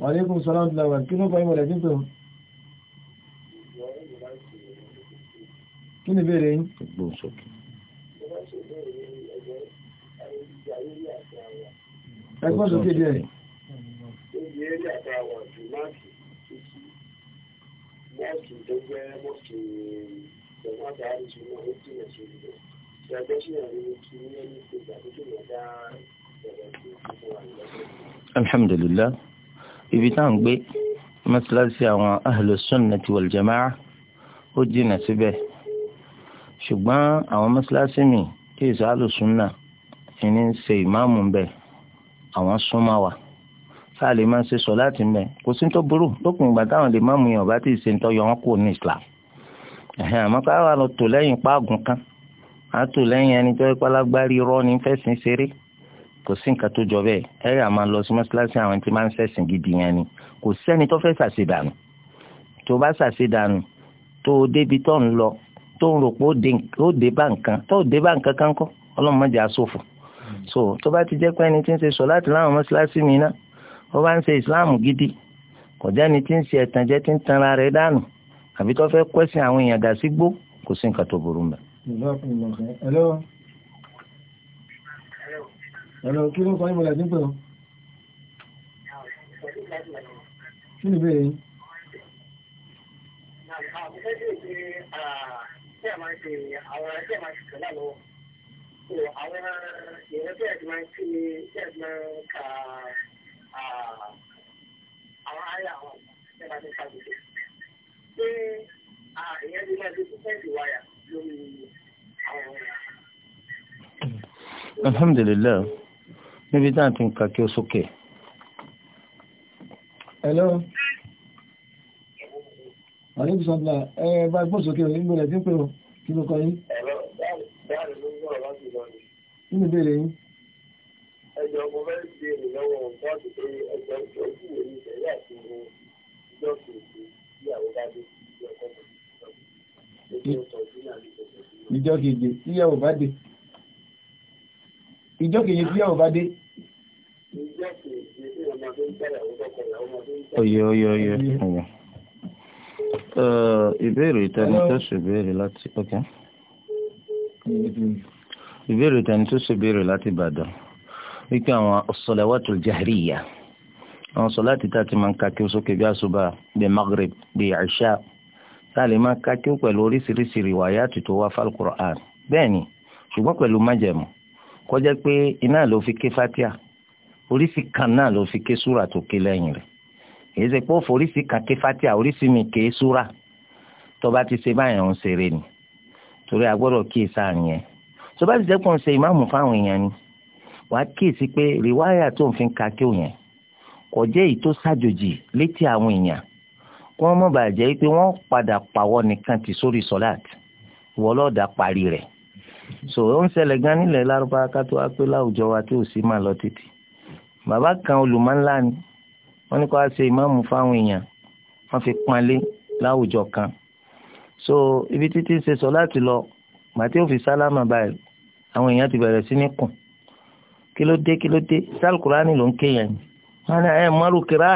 wàlékún sọ́lá ìlàwà kí ló báyí wọ̀lẹ̀ títò kí ni bèèrè yìí gbọ́nsọ̀kì ẹgbọ́n sókè díẹ̀
Mọ́ọ̀tù tó jẹ́ mọ́ọ̀tù ìjọba àti
alhamdulillah ibi tá à ń gbé mọ́sálásí àwọn ahlu sunnati wal jama'a ó jìnnà síbẹ̀ ṣùgbọ́n àwọn mọ́sálásí mi kí èso alùsùnà ẹni ń ṣe ìmáàmù ń bẹ̀ àwọn súnmọ́ wa tá a lè máa ṣe sọ láti mẹ́ kò sí tó burú lópin ìgbà táwọn lè máàmù yẹn ọ̀bá tí ṣe ń tọ́ yọ wọn kúrò ní islam àmọ́ káwọn lọ tò lẹ́yìn páàgùn kan àtò lẹ́yìn ẹni tó ipá lágbárí rọ́ ní fẹ̀sìn ṣeré kò sí nǹkan tó jọ bẹ́ẹ̀ ẹ yà máa lọ sí mọ́ṣáláṣí àwọn tí máa ń ṣẹ̀sìn gidi yẹn ni kò sẹ́ni tó fẹ́ ṣàṣedànù tó bá ṣàṣedànù tó o débi tó ń lọ tó ń rò pé ó dé bá nǹkan tó dé bá nǹkan kan kọ́ ọlọ́run má àṣòfò so tó bá ti jẹ́ pé ẹni tí ń ṣe sọ láti láwọn mọ́ṣáláṣí mi náà ó bá ń ṣe ìsìláàmù gidi kò jẹ́ ẹni tí ń ṣe ẹ̀tànjẹ tí ń tanra rẹ̀ dànù àbí tó fẹ́ kwẹ́sìn àwọn èèyàn dà sígbó kò sí nǹkan tó burú mẹ́rin.
Hello. Hello, kí ló ń sọ ìmọ̀lẹ̀ tí ń pẹ̀lú? Kí ni bèèrè yìí?
Àwọn ìrẹ́ tí ẹ̀dì máa ń kí ni, tí ẹ̀dì máa ń ka àwọn ayé àwọn ẹ̀dì máa ń ka jùlọ. Ṣé ìyẹn bí máa ń fi fẹ́ẹ̀sì wáyà?
alhamdulilayi níbi tá à ń ti ka kí o sókè.
hello. aleykum sọ́dọ̀ ẹ bá gbọ́ sókè òyìn gbọ́dọ̀ tí ń pè ọ́ kí ló kọ yín. kí ni ìbéèrè yín.
ẹjọ́ mo fẹ́ béèrè lọ́wọ́ bọ́ọ̀sì pé ẹjọ́ ìjọ́jú wo ìṣẹ̀lẹ̀ àti ìjọ́sìn ìgbéyàwó bá dé ìjọ
keje tíyàwó bá dé ìjọ keje tíyàwó bá dé
ọ̀yẹ̀ ọ̀yẹ̀ ọ̀yẹ̀
ọ̀yẹ̀ ìbéèrè ìtẹni tó ṣe béèrè láti ọ̀kẹ́ ìbéèrè ìtẹni tó ṣe béèrè láti Ìbàdàn wípé àwọn as-salawatul jahriyya àwọn sọ láti tá a ti máa ń ka kí ó sókè bí àṣùbà bí maghrib bí ìṣá sálẹ̀ máa ka kí ó pẹ̀lú oríṣiríṣi rìwáyà tuntun wá falquran bẹ́ẹ̀ ni ṣùgbọ́n pẹ̀lú májẹ̀mú kó pé iná ló fi ké fatia oríṣi kan náà ló fi ké súra tó ké lẹ́yìn rẹ̀ èyí ṣe pé ó foríṣi kan ké fatia oríṣi mi ké súra tó ti ṣe báyẹn ń ṣeré ni torí a gbọ́dọ̀ kíyè sáàrin yẹn tó bá ti jẹ́ pé ń ṣe ìmáàmù fáwọn èèyàn ni wàá kíyèsí pé rìwáyà tó ń fi ka kí òyìn kò èyí tó ṣàjòjì létí àwọn èèyàn kí wọ́n mọ̀ bàjẹ́ pé wọ́n padà pàwọ́ nìkan ti sórí sọ́láàt wọ́n lọ́ọ̀dà parí rẹ̀ so ó ń ṣẹlẹ̀ gan nílẹ̀ lárúbáwá ká tó wá pé láwùjọ wa tí ò sí máa lọ títì bàbá kan olùmọ̀ńlá ni wọ́n ní kó wá ṣe ìmáàmù fáwọn èèyàn wọ́n fi panlé láwùjọ kan so ibi títí ṣe sọ́láàt lọ màtí ò fi sálámà báyìí àwọn èèyàn ti bẹ̀rẹ̀ sí ní kùn kí ló dé kí ló ń ké yẹn ni wọ́n ní ẹ̀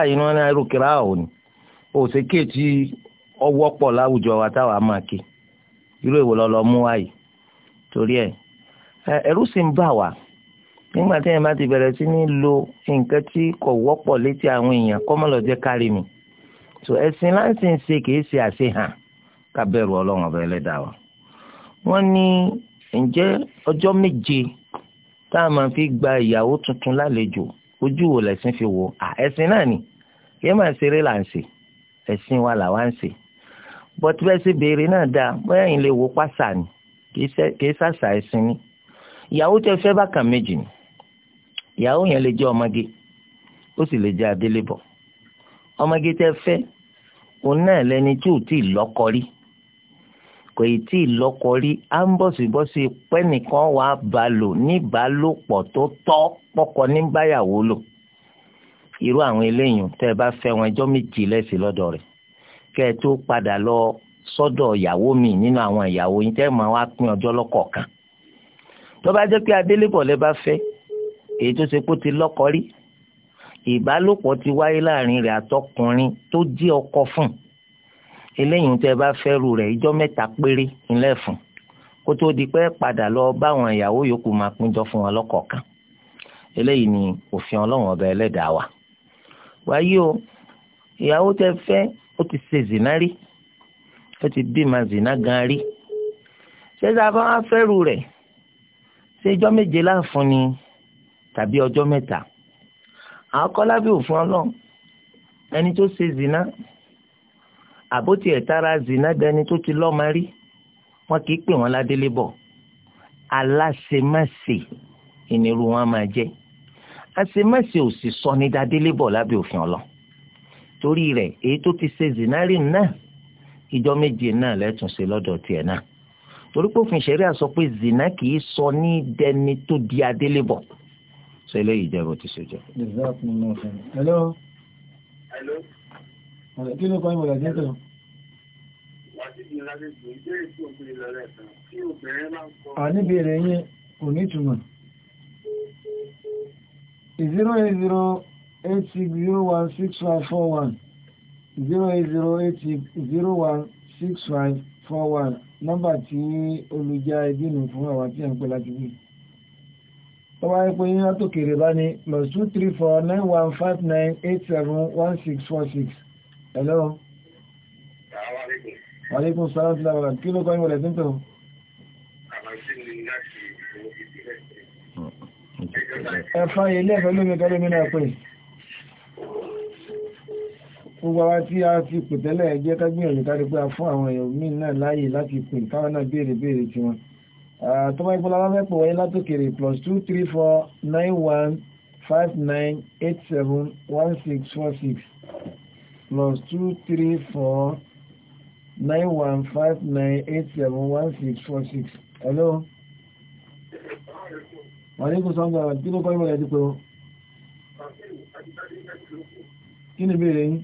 yìí ni wọ́n ní ẹrùkìrá òní òsèké tí ọwọ́ pọ̀ láwùjọ wa táwa máa ké irú èwo lọ́lọ́ mú wáyé torí ẹ̀ ẹ̀rú sì ń bà wá nígbà tí ẹ̀ bá ti bẹ̀rẹ̀ sí ní lo nǹkan tí kò wọ́pọ̀ létí àwọn èèyàn kọ́mọlọ́jẹ́ kárí mi so ẹ̀sìn láǹsì ń ṣe kìí ṣe àṣehàn kábẹ́rù ọlọ́run ọba ẹlẹ́dàá wa wọ́n ní ǹjẹ́ ọjọ́ méje tá a máa fi gba ìyàwó tuntun lálejò ojú wo lẹ̀sìn fi wò ẹ̀sìn náà ni kí máa ṣeré là ẹ̀sìn wa làwa ń ṣe bọ́tú bẹ́ẹ̀ sì béèrè náà dáa bóyá ẹ̀yin lè wo pásá ni kì í sàṣà ẹ̀sìn ni ìyàwó tẹ fẹ́ bákan méjì ni ìyàwó yẹn lè jẹ́ ọmọge ó sì lè jẹ́ adélébọ̀ ọmọge tẹ fẹ́ òun náà lẹni tí ò tí ì lọ́kọ rí kò ì tí ì lọ́kọ rí á ń bọ̀sibọ́sí pẹ́nìkan wàá bá níbàálòpọ̀ tó tọ́ pọ́kọ ní báyàwó lò irú àwọn eléyìí tẹ́ ẹ bá fẹ́ wọn ẹjọ́ méjì lẹ́sìn lọ́dọ̀ rẹ̀ kẹ́ ẹ tó padà lọ sọ́dọ̀ ìyàwó mi nínú àwọn ìyàwó yín tẹ́ ẹ máa wá pín ọjọ́ lọ́kọ̀ọ̀kan tó bá jẹ́ pé adélébọ̀ lẹ bá fẹ́ èyí tó ṣe kó ti lọ́kọ rí ìbálòpọ̀ ti wáyé láàrin rẹ̀ àtọkùnrin tó jẹ́ ọkọ fún eléyìí tẹ́ ẹ bá fẹ́ rú rẹ̀ ìjọ́ mẹ́ta péré ńlẹ̀ fún kó tó di pé padà lọ báwọn ìyàwó yòókù máa pínjọ fún wọn lọ́kọ̀ọ̀kan eléyìí ni òfin ọlọ́run ọba ẹlẹ́dàá wa wáyé o ìyàwó tẹ fẹ́ ó ti ṣe zina rí ó ti bímọ zina gan rí ṣé sábà wọn fẹ́rù rẹ̀ ṣé ijọ́ méje láàfún ni tàbí ọjọ́ mẹ́ta àkọ́lábí òfin ọlọ́run ẹni tó ṣe zina àbótí ẹ̀tara zina dẹni tó ti lọ́ọ́ máa rí wọn kì í pè wọn ládélébọ̀ aláṣemáṣe ìnirú wọn máa jẹ́ àṣemáṣe ò sì sọ ní dadélé bọ̀ lábẹ́ òfin ọlọ́ torí rẹ̀ èyí tó ti ṣe zinari náà ìjọ méje náà lẹ́tùn ṣe lọ́dọ̀ tiẹ̀ náà torí pé òfin ṣẹ̀ríà sọ pé zina kì í sọ ní dẹni tó di adélé bọ̀ ṣe eléyìí jẹ́ bó ti ṣe jẹ́.
hello.
hello.
kí ló kọ́ ìwọ̀n ìgbà tó ń tẹ̀ àníbèrè yín kò ní ìtumọ̀ zero eight zero eight six zero one six five four one zero eight zero eight six zero one six five four one nọ́mbà tí olùjà ẹbí nù fún àwọn tí a ń pè láti wí. tọ́wá ẹ pé yíyá tó kéré bá ní plus two three four nine one five nine eight seven one six four six. hello. wàlékún sàlámù sílámù kí ló kọ́ ìwọlẹ̀ tó ń tọ̀.
àbàṣí ni láti ìwọ̀n ìbílẹ̀
ẹ̀fán ilé ẹ̀fẹ́ lómi kẹ́lómi náà pè gbogbo àwọn tí a ti pè tẹ́lẹ̀ ẹgbẹ́ kágbìyànjú kárí pé a fún àwọn èèyàn míì náà láàyè láti pè káwọn náà béèrè béèrè tí wọn tó bá ipò lábẹ́ pọ̀ wáyé látòkèrè plus two three four nine one five nine eight seven one six four six plus two three four nine one five nine eight seven one six four six hello wàlékún sọ́ngbà kí ló kọ́ ìmọ̀ ti pé kí ni ìbéèrè yín.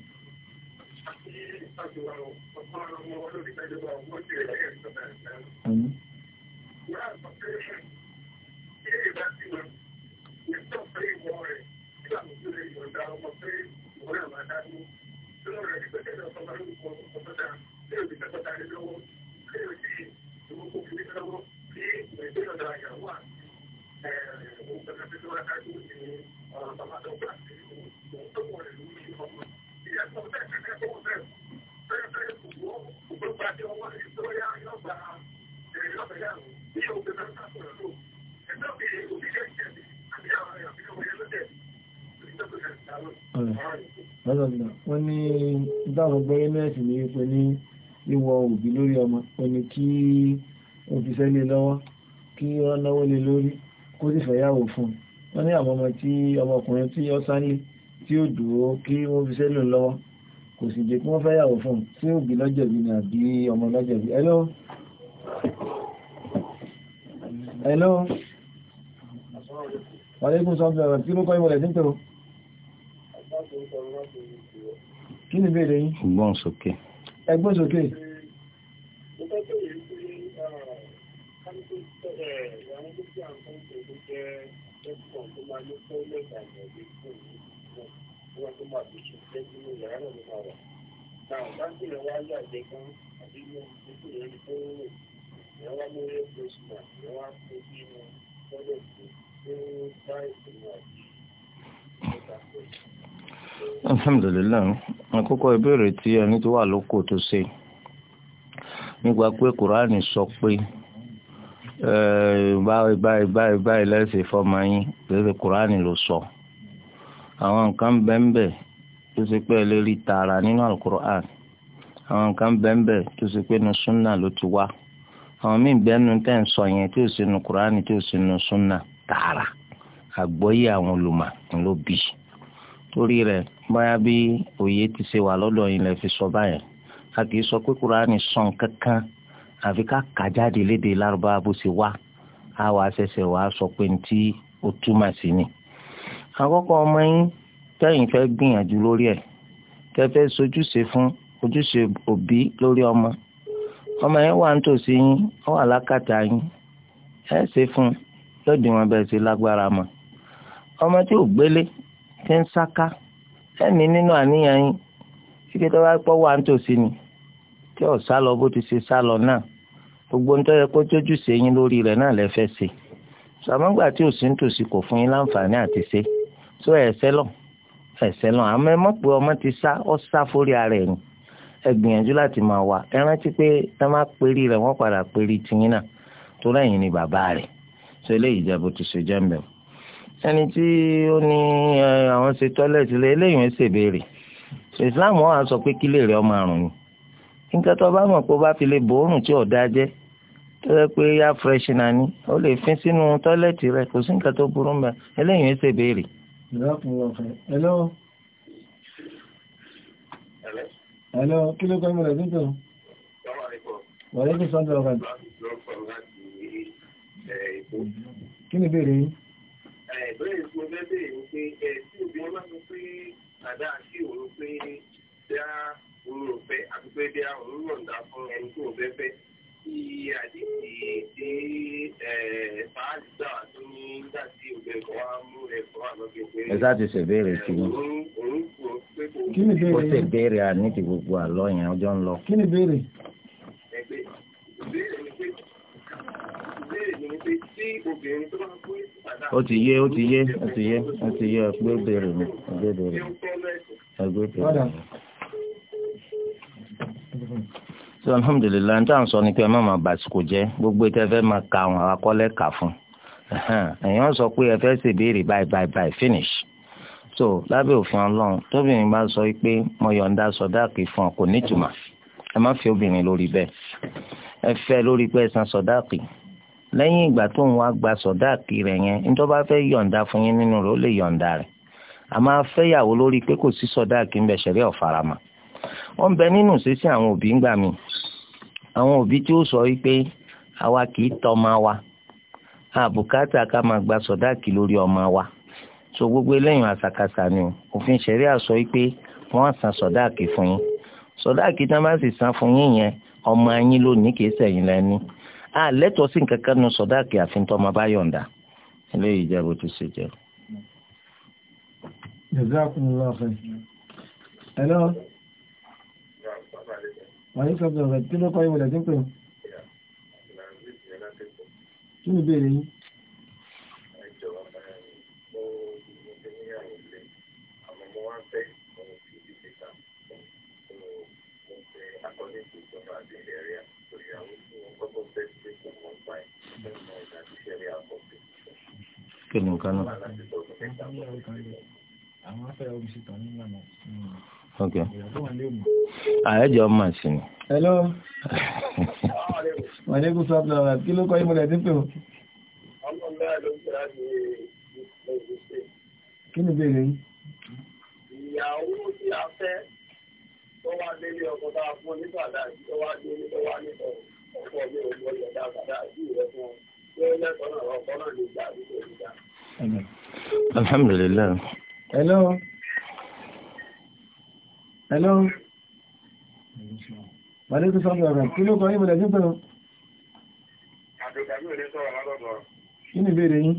Thank you wọ́n ní dáwọn gbọ́yé mẹ́ẹ̀sì ní wípé ní ìwọ òbí lórí ọmọ ẹni kí òbí sẹ́lẹ̀ lọ́wọ́ kí wọ́n náwó lé lórí kó sì fẹ́yàwó fún wọ́n ní àwọn ọmọ tí ọmọkùnrin tí ó sálé tí ó dúró kí wọ́n fi sẹ́lò lọ́wọ́ kò sì jẹ́ kí wọ́n fẹ́yàwó fún tí ó bí lọ́jọ̀bí ní àbí ọmọ lọ́jọ̀bí hello hello wàlékún sọ́bẹ̀ o kí ni bèèrè yìí ẹgbọ́n sókè ẹgbọ́n sókè
ah, Thank you jẹ́ ẹ̀kọ́ tó máa ní fún mẹ́ta ìrọ̀lẹ́ fún ìlú wọn tó máa fi ṣe jẹ́ sínú yàrá náà ló máa wà. Náà báńkì rẹ̀ wá yà jẹ́ gan àbí ní ìdíkù rẹ̀ ní tó ń rò. Ìyẹn wá mú rẹ̀ pèsè ìyẹn wá kó sí inú lọ́dọ̀ tó tó bá ìsinmi àti ìjọba pèsè.
Alhamdulilayi, àkọ́kọ́ ìbéèrè tí ẹni tó wà lóko tó ṣe nípa pé Kùránì sọ pé Eh, báyìí báyìí báyìí báyìí lẹ́sẹ̀ fọmọ yín lẹ́sẹ̀ kúránì ló sọ àwọn nǹkan bẹ́ẹ̀nbẹ́ẹ̀ tó ṣe pé ẹ lè rí tààrà nínú alukur'an àwọn nǹkan bẹ́ẹ̀nbẹ́ẹ̀ tó ṣe pé nu sunna ló ti wá àwọn míì bẹ́ẹ̀nu tẹ̀ ń sọ yẹn tí ò sí nu kúránì tí ò sí nu sunna tààrà àgbọ́yé àwọn olùmọ̀ ló bì í torí rẹ̀ báyà bí òye ti ṣe wà lọ́dọ̀ yìí lẹ́ fi sọ báyẹn a kì í sọ pé kúránì sàn kankan àfi ká kà jáde léde lárúbáwá bó ṣe wá a wàá ṣẹ̀ṣẹ̀ wàá sọ pé ní tí ó túmọ̀ sí ni. àkọ́kọ́ ọmọ yín tẹ́yìn fẹ́ gbìyànjú lórí ẹ̀ tẹ́fẹ́ sojúṣe fún ojúṣe òbí lórí ọmọ ọmọ yẹn wà nítòsí yín ó wà lákàtà yín ẹ ṣe fún lóde wọn bẹ́ẹ̀ ṣe lágbára mọ́ ọmọ tí ò gbélé ti ń sáká ẹni nínú àníyàn yín kíkẹ́ tó bá wà nítòsí ni tí ò sá lọ bó ti ṣe sá lọ náà gbogbo ń tọ́jú kó tójú ṣe yín lórí rẹ̀ náà lẹ́fẹ́ ṣe sàmọ́gbà tí òsì ń tòsí kò fún yín láǹfààní àti ṣe tó ẹ̀ṣẹ́ lọ ẹ̀ṣẹ́ lọ àmọ́ ẹ mọ̀ pé ọmọ ti sá ọ sá fórí ara ẹ̀ ni ẹ gbìyànjú láti máa wà ẹ rántí pé ẹ má perí rẹ̀ wọ́n padà perí tiyín náà tó rẹ̀yìn ni bàbá rẹ̀ tó eléyìí jẹ́ bó ti ṣe jẹ́ ń bẹ̀rù ẹni tí ó ní àwọn ṣe tọ́lẹ̀tì lé eléyìí ń ṣèbéèrè Islam wọn sọ pé kílè rẹ̀ ọmọ àrùn ni nǹkan tó bá mọ̀ pé ó bá fi lè bòórùn tí ò dáa jẹ́ tó yẹ pé yá fẹrẹṣìnà ni ó lè fín sínú tọ́lẹ̀tì rẹ kò sí nǹkan tó burú mẹ eléyìí ń ṣèbéèrè. hello
hello kí ló kọ́ mi rẹ̀ nígbà. wàlẹ́ kí sọ́ńdọ̀ ọ̀gá. kí ni ìbéèrè yín.
ìbéèrè tí mo fẹ́ béèrè ni pé tí obìnrin bá sọ pé àdá àti òru pé bí a òru ò fẹ́ àti pé bí a òru yọ̀ǹda fún ẹni tó ò fẹ́ fẹ́ tí àdìsí dé sáàdì náà tó ní nígbà tí òbẹ̀ kan wá mú ẹ̀kọ́ àlọ́gbẹ̀ pé. ẹ sáà ti ṣèbéèrè sí i. kí ni béèrè yẹn. ó ṣèbéèrè
àní ti gbogbo àlọ́ yẹn ọjọ́ ń lọ. kí ni béèrè.
ẹgbẹ́ ìbéèrè ni pé
ó ti yé ó ti yé ó ti yé ó ti yé ẹgbẹ́ bèrè mi ẹgbẹ́ bèrè mi ẹgbẹ́ bèrè mi so alhamdulilayi n táwọn sọ ni pé ẹ má máa bàsíkò jẹ gbogbo tẹ fẹ́ máa ka àwọn akọlẹ kà fún èèyàn sọ pé ẹ fẹ́ ṣèbéèrè báyìí báyìí báyìí finish so lábẹ́ òfin Ọlọ́run tóbìnrin bá sọ pé mo yọ̀ǹda sọdáàkì fún ọ kò nítumọ̀ ẹ má fi obìnrin lórí bẹ́ẹ̀ ẹ fẹ́ lórí pé ẹ san sọdáàkì lẹ́yìn ìgbà tó ń wá gba sọdáàkì rẹ̀ yẹn nítorí bá fẹ́ yọ̀ǹda fún yín nínú rẹ̀ ó lè yọ̀ǹda rẹ̀ a máa fẹ́yàwó lórí pé kò sí sọdáàkì ń bẹ ṣẹ̀rí ọ̀farama ó ń bẹ nínú sísí àwọn òbí ń gbà mí àwọn òbí tí ó sọ wípé àwa kì í tọ́ wa àbùkátà ká máa gba sọ̀dáàkì lórí ọmọ wa so gbogbo eléyìn àṣàkáṣà ni òfin ṣẹ̀rí àsọ wípé wọ́n san sọ̀dáàkì fún yín sọ̀dáàkì tí wọ́n bá sì san fún yín yẹn ọmọ yín lónìí kì í sẹ̀yìn lẹ́ni a lẹ́tọ̀ọ́ sí nǹkan kan nu sọ̀dáàkì àfin tọ́mọ bá yọ̀ǹda eléyìí jẹ́ bó ti ṣe jẹ́.
jazakumullahu khairan. hello wà ní sọ́bẹ̀ ọ̀rẹ́ kí ló kọ́ ìwọlẹ̀ tí ń pè kí ni ìbéèrè yín.
Kí ni nǹkan náà?
Àwọn afẹ́ omi ṣe tàn ní ìlànà
ok àyẹ̀jọ́ ah, máa sì ni. hello.
maaleykum salaam kí ló kọ́ ìmọ̀lẹ̀ tí ń pè ọ́. kí ni ìbéèrè yín.
ìyàwó tí a fẹ́ tó wá délé ọkọ̀ tá a fún nígbàdá tó wá délé tó wá nígbà ọkọ̀ mi ò gbọ́ yọ̀dá kàdá sí rẹ̀ fún ọ.
Alhamdulillah.
Hello hello wàlé tó sọ́dọ̀ ọ̀rọ̀ kí ló kọ́ yí bọ̀lẹ̀ nígbà kí ni ìbéèrè yín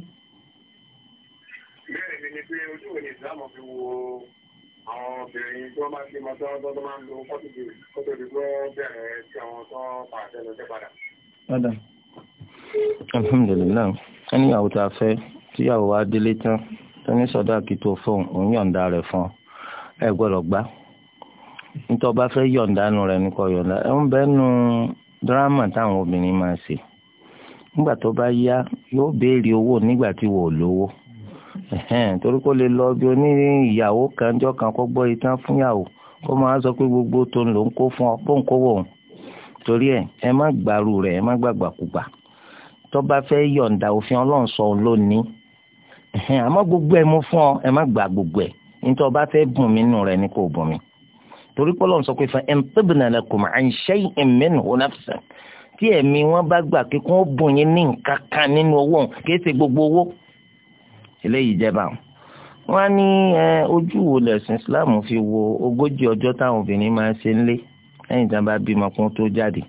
ìbéèrè mi ni pé ojú wo ni ìsìlámù fi wo àwọn obìnrin tó máa ń bímọ tó tó máa ń lo fọ́tìdì kó tó di gbọ́ bẹ̀rẹ̀ tí àwọn tó pàṣẹ lọ sí padà.
padà. alhamdulilayi wọn ní ìyàwó tá a fẹ́ tíyàwó wa délé tán tó ní sọdá kí tó fóun òun yọ̀ǹda rẹ̀ fún ẹ gbọ́dọ̀ gbá nítorí ọba fẹ́ yọ̀ǹda nu rẹ̀ nìkan yọ̀ǹda ẹ̀ ń bẹ́ẹ̀ nu dírámà táwọn obìnrin máa ṣe nígbà tó bá yá yóò béèrè owó nígbà tí wò ó lówó torí kó lè lọ bí oní ìyàwó kanjọ́ kan kó gbọ́ ìtàn fún yàwó kó máa sọ pé gbogbo tó ń lò ń kó fún ọ kó ń kówó òun torí ẹ ẹ má gbàrú rẹ ẹ má gbàgbàkúgbà tó bá fẹ́ yọ̀ǹda òfin ọlọ́run sọ òun lónìí àmọ́ gbogbo ẹ mú fún ọ ẹ má gbà gbogbo ẹ nítorí ọba fẹ́ bùn mí nù rẹ ni kò bùn mí torí pọ́lọ́ sọ pé fa ẹ̀ńtẹ́bìnà lakum an shay'in minhu nafsan tí ẹ̀mí wọn bá gbà pé kí wọ́n bùn yín ní nǹkan kan nínú owó kìí ṣe gbogbo owó eléyìí jẹba wọn á ní ojú wo lẹ̀sìn Islam fi wo ogójì ọjọ́ táwọn obìnrin máa ṣe ń lé lẹ́yìn tí wọ́n bá bímọ kún tó jáde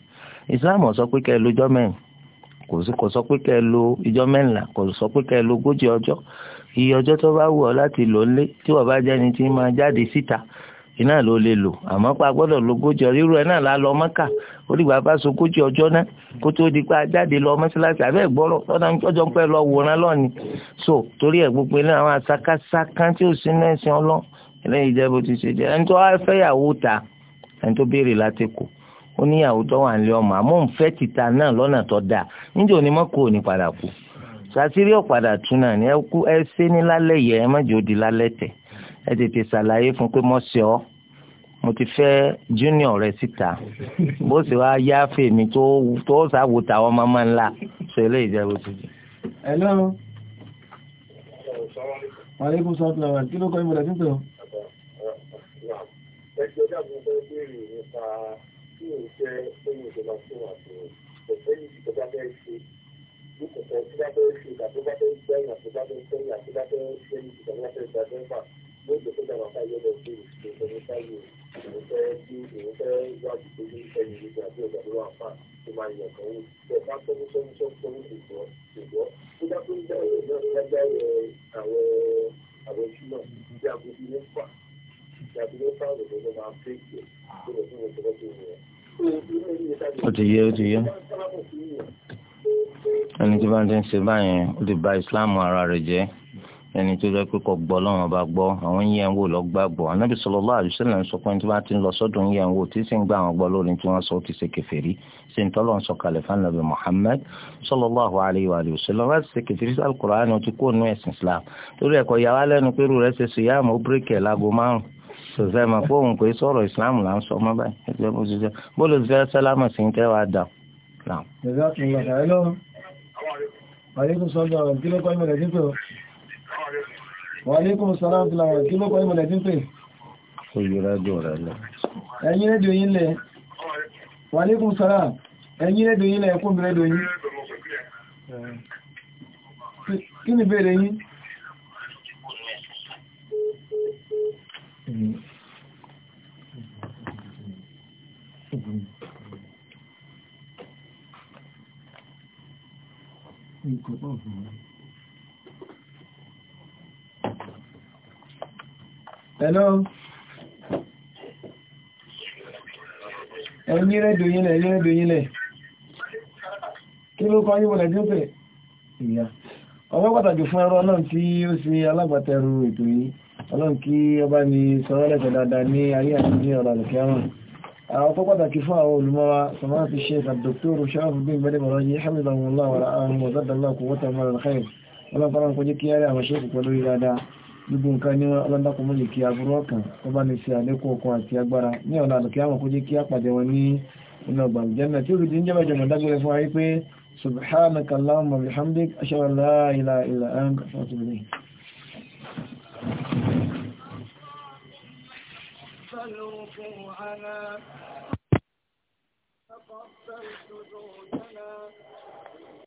Islam sọ pé kẹ́ lójọ́ mẹ́rin kò sọ pé kẹ́ lo ìjọ́ mẹ́rìnlá kò sọ pé kẹ́ lo ogójì ọjọ́ iye ọjọ́ tó bá wù ọ́ láti lò ń lé tí wọ́n bá jẹ́ni tí máa jáde síta iná ló lè lò àmọ́ pa gbọ́dọ̀ lógójì ọjọ́ irú ẹ̀ náà la lọ mọ́kà ó dìgbà bá sogójì ọjọ́ náà kó tó di pa ajáde lọ mọ́ṣáláṣí àbẹ́ ìgbọ́rọ̀ lọ́dọ̀ ọjọ́ ń pẹ́ lọ wòran so torí ẹ̀ gbogbo ilé àwọn asákásáká tí ò sí náà ẹ̀sìn ọlọ́ ẹlẹ́yìn ìjẹ́ ti ṣe jẹ́ ẹni tó fẹ́ yàwó ta ẹni tó béèrè láti kù ó ní yàwó tó wà nílé ẹ tètè ṣàlàyé fún pé mo ṣe ọ́ mo ti fẹ́ junior rẹ síta bó sì wá yáfẹ́ mi tó tó sáwò táwọn máma ńlá ṣe eléyìí jẹ́ bó ti jẹ́. ẹ lọ́rùn.
Àlékún sọ́tún lọ́wọ́ kí ló kọ́ ìmọ̀lẹ̀ tí ń pè ọ́?
Ẹgbẹ́ o jẹ́ lóyún bó ṣe fún jàmbá fáyé lọ sí ìṣòro fáyé ìwé fẹ́ sí ìwé fẹ́ wájú tó ní ẹ̀yìn níbi àti ọ̀gá ló wà fà tó máa yàn kan wò bẹ́ẹ̀ bá tọ́jú tọ́jú tọ́jú tọ́jú ìgbọ́ ìgbọ́ tó dákú ń dá ìwé náà lágbá ẹ̀ àwọn àwọn ìṣúná bí agogo ló fà bí agogo fà òdòdó ló máa fẹ́ ìgbẹ́ tó lọ sí ìwé tó yẹ. ó ti yé ó ti yé
ẹni tí bá ń ti ń ṣe báyẹn ó ti bà ìsìláàmù ara rẹ̀ jẹ́ ẹni tó jẹ́ pé kò gbọ́ lọ́wọ́n bá gbọ́ àwọn ń yẹ̀ ń wò lọ́gbàgbọ́ anábì sallallahu alaihi wasallam sọ pé tí wọ́n ti ń lọ sọ́dún ń wò tí sì ń gbà wọn gbọ́ lórí tí wọ́n sọ ti ṣe kẹfẹ́rí ṣe ń tọ́lọ́ sọ kalẹ̀ fanabi Muhammad sallallahu alaihi wa sallam láti ṣe kẹfẹ́rí Al-Qur'an ti kó nù ẹ̀sìn Islam torí ẹ̀kọ́ yà wá lẹ́nu pé rú rẹ̀ ṣe sùyàmù ó bírèkì láago márùn-ún sọ̀sẹ́ ma kó òun pé sọ̀rọ̀ ìsìláàmù là
kí ló kọ́ ẹ̀mọ́ dípò. Wa alaikum salaam tí láwọn kí ló kọ́ ìmọ̀lẹ̀ tí ń pè? Oye rẹ̀ lọ. lẹ̀. Wa alaikum salaam. Ẹ̀yin rédíò yín lẹ̀ ẹkùn mi rédíò yín. hello ẹ̀yìn rédò yínlẹ̀ ẹ̀yìn rédò yínlẹ̀ kí ló kọ́ yíwọ̀lẹ̀ tí ó pè ìyá ọwọ́ pàtàkì fún ẹrọ ọlọ́run tí ó ṣe alágbàtẹrù ètò yìí ọlọ́run kí ọba ni sọ́rọ́lẹ̀kọ̀ dáadáa ní ayé àti ní ọ̀rọ̀ àlùkẹ́ ọ̀run ọwọ́ pàtàkì fún àwọn olùmọ́wa sọmọ́tì sheik abdoktor sharafuddin gbẹ́dẹ̀mọ̀rọ̀ yìí hamidullah wàlá àwọn ọ̀zọ́dọ̀lá kò gbogbo nǹkan ní ọlọ́dọ́kùnmọ́lẹ̀ kí agbúrú ọkàn tó bá ní ṣe àlékún ọkọ̀ àti agbára ní ọ̀nà àlùkí àwọn kó jẹ́ kí àpàdé wọn ní iná ọgbà ìjẹ́nà tí ó rí jíjẹ́ mẹ́jọ mọ̀ dágbére fún ayé pé subhanaka
allahumma